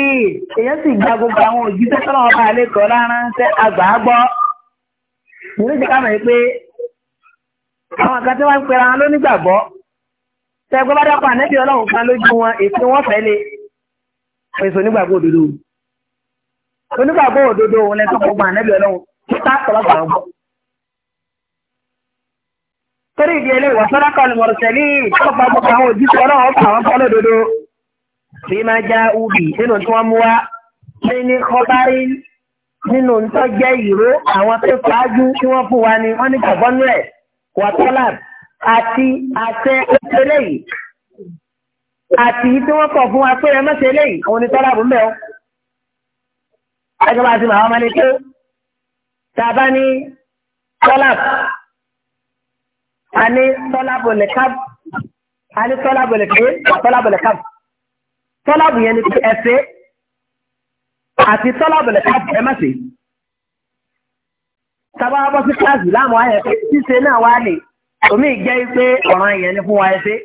èyàn sì gba gbogbo àwọn òjíṣẹ́ tọ́lọ́ ọba àlékọ́ láránṣẹ́ àgbàgbọ́ nínú ìjọba mọ̀ pé àwọn kan tí wọ́n ń pera wọn lónígbàgbọ́ tẹ́gbọ́n bá dákọ̀ ànẹ́bí ọlọ́run kan lójú wọn èsì wọn fẹ́ lé pèsè onígbàgbọ́ òdodo onígbàgbọ́ òdodo òun lẹ́tọ́ gbogbo ànẹ́bí ọlọ́run títà ọlọ́gbà ọgbọ́ torí ìdí ẹlẹ́wọ̀ sọ́dákọ̀ lè mọ̀ tẹ̀lé ọgbà gbogbo àwọn bímá já ubì nínú tí wọ́n mú wá ní ní kọ́bárí nínú tó jẹ́ ìró àwọn tó ṣáájú tí wọ́n fún wa ni wọ́n ní kàgbọ́nú ẹ̀ wàtọ́là àti àtẹ ìṣẹ̀lẹ̀ yìí àti tí wọ́n kọ̀ fún wa pé ẹ mọ̀ṣẹ́ lẹ́yìn òun ni tọ́lá bò ń bẹ̀ ọ́. ẹgbẹ́ bá ti màá tó tàbá ní tọ́lá a ní tọ́lá bò lè káàbù a ní tọ́lá bò lè ké tọ́lá bò lè káàbù tọ́lábù yẹn ni pé ẹ̀fẹ́ àti tọ́lábù lẹ̀ káàbù ẹ má ṣe. Tábà bọ́ sí kíláàsì láàmú ayẹ pé ṣíṣe náà wá lè omi jẹ́ pé ọ̀ràn yẹn ni fún wa ẹ̀fẹ́.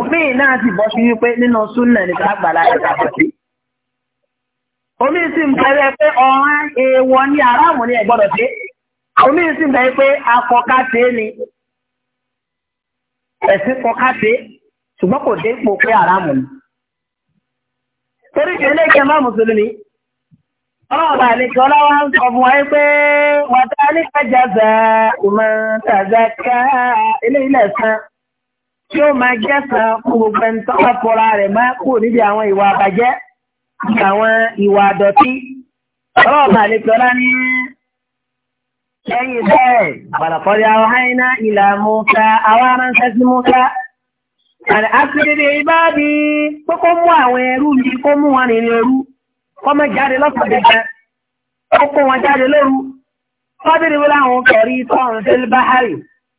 Omi náà ti bọ́ sí wípé nínú súnà ní kágbàlá ẹ̀ka àbọ̀tí. Omi sì ń bẹ̀rẹ̀ pé ọ̀ràn èèwọ̀ ní aráàmù ni ẹ gbọ́dọ̀ ṣe. Omi sì ń bẹ̀rẹ̀ pé akọ̀ká ṣe ni. Ẹ̀sìn kọ̀ká ṣe ṣùgbọ́n kò dé ipò pé aráàmù ni torí ti ilé ìjẹmọ́ mùsùlùmí ọlọ́ọ̀bà àlejò ọlọ́wọ́ ń sọ fún wáyé pé wọ́n ta ní kájàzà ọmọ tàzákà ilé ilẹ̀ san tí ó máa jẹ́ san fún gbogbo ẹni tó kọ́ra rẹ̀ máa kú níbi àwọn ìwà àbàjẹ́ àwọn ìwà àdọ̀tí ọlọ́ọ̀bà àlejò ọlá ní lẹ́yìn bẹ́ẹ̀ pàlàkọ́rí àwọn àìná ìlà mọ́ta àwọn aránṣẹ́ sí mọ́ta àkìdèdè ìbáàbí pé kó mú àwọn ẹrú yìí kó mú wọn rìnrìn òru kó má jáde lọ́sọ̀dẹ̀ jẹ kó kó wọn jáde lóru fọ́bìrì wí láwọn kẹ̀rí tọ́run sí báhárì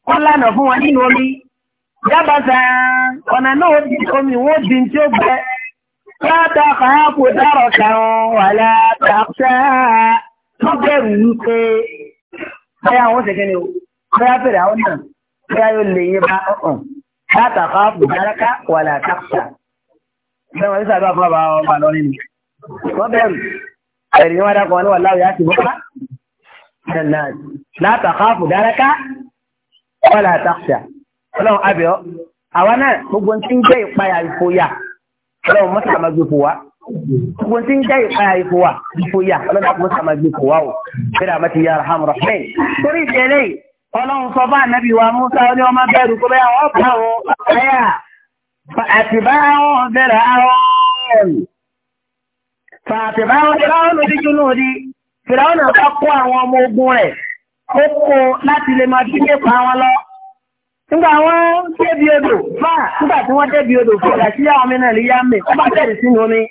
wọ́n lànà fún wọn nínú omi jábàtà ọ̀nà náà di omi wọ́n di tí ó gbẹ látà kàákò dárọ̀ kàrún wà látà sáà tó bẹ̀rù wípé bẹ́ẹ̀ àwọn ṣẹ̀kẹ́ ni ó bẹ́ẹ̀ fèrè àwọn náà bẹ́ẹ̀ yóò lè yé bá ọ̀hún láta ká bùdáraká wà láta fà. Bẹ́ẹ̀ni wọ́n sábà fún àbáwọn ọba lọ nínú. Wọ́n bẹ̀rù ẹ̀rí wọn dákọ̀ ní wàláwì á ti bọ́ká. Láta ká bùdáraká wà láta fà. Ọlọ́run abẹ́ọ́, àwa náà gbogbo tí ń jẹ́ ìpayà ìfòyà. Ọlọ́run mọ́sà máa gbé fò wá. Gbogbo tí ń jẹ́ ìpayà ìfòyà Ọlọ́run mọ́sà máa gbé fò wá o. Bẹ́ẹ̀ni àmọ́ ti yára hàmù rọ̀ Ọlọ́run sọ bá ànábì wa Musa ó ní ọmọ bẹ̀rù kó bẹ́ẹ̀ wọ́n bá wọn ọ̀páyà àti bá wọn bẹ̀rẹ̀ àwọn ẹ̀rù. Fàtìbá wọn ti ráwọn lòdì jù náà di Fìràwọn náà bá kó àwọn ọmọ ogun rẹ̀ ó kó láti lè máa dídé pa wọn lọ. Nígbà wọn débi odò fà nígbà tí wọ́n débi odò fà gàṣíyà omi náà lè yá mi ó bá bẹ̀rẹ̀ sínú omi.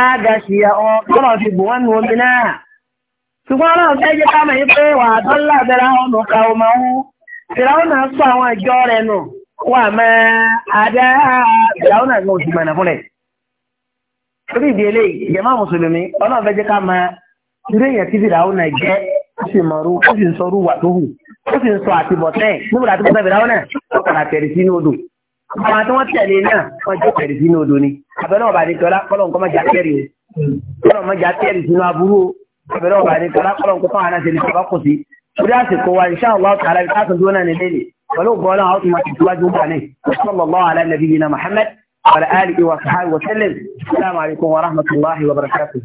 Á gàṣíyà ọ̀ tọ́lọ̀ ti bù wọ́n nu omi náà ṣùgbọ́n náà fẹ́ jẹ́ káàmà yí pé wà dọ́là bẹ̀rẹ̀ ọ̀nà ọ̀kà ọmọ ọ̀hún fìràwọ́n náà sọ àwọn ìjọ rẹ̀ nù wà máa àdá fìràwọ́n náà gbọ́n òṣìṣẹ́ mọ̀nà fúnlẹ̀. torí ìdí eléyìí ìjẹ̀má mùsùlùmí ọlọ́run fẹ́ jẹ́ káàmà irú èèyàn tí fìràwọ́n náà jẹ́ ó sì mọ̀ rú ó sì ń sọ rú wà tó hù ó sì ń sọ àtibọ̀tẹ́ nígbà tó tẹ́ fìràwọ́n náà ó kàrà tẹ̀rì sínú odò àwọn tí wọ́n tẹ̀lé náà wọ́n jẹ́ tẹ̀rì sínú odò ni àbẹ̀lẹ́ ọ̀bàdìtọ́lá kọ́lọ̀ nǹkan mọ́jà tẹ̀rì o sínú aburú abẹ́rẹ́ ọba ní kalákọ́lọ́ kó fáwọn aláṣẹ ní bàbá kò sí ó dá àsìkò wa insha Allah ta'ala bí káàtó dúró náà nílé ni pẹ̀lú bọ́ọ̀lá àwọn ọmọ ti túwájú wà ní sallallahu ala nabiyyina Muhammad wa ala alihi wa sahbihi wa sallam assalamu alaikum wa rahmatullahi wa barakatuh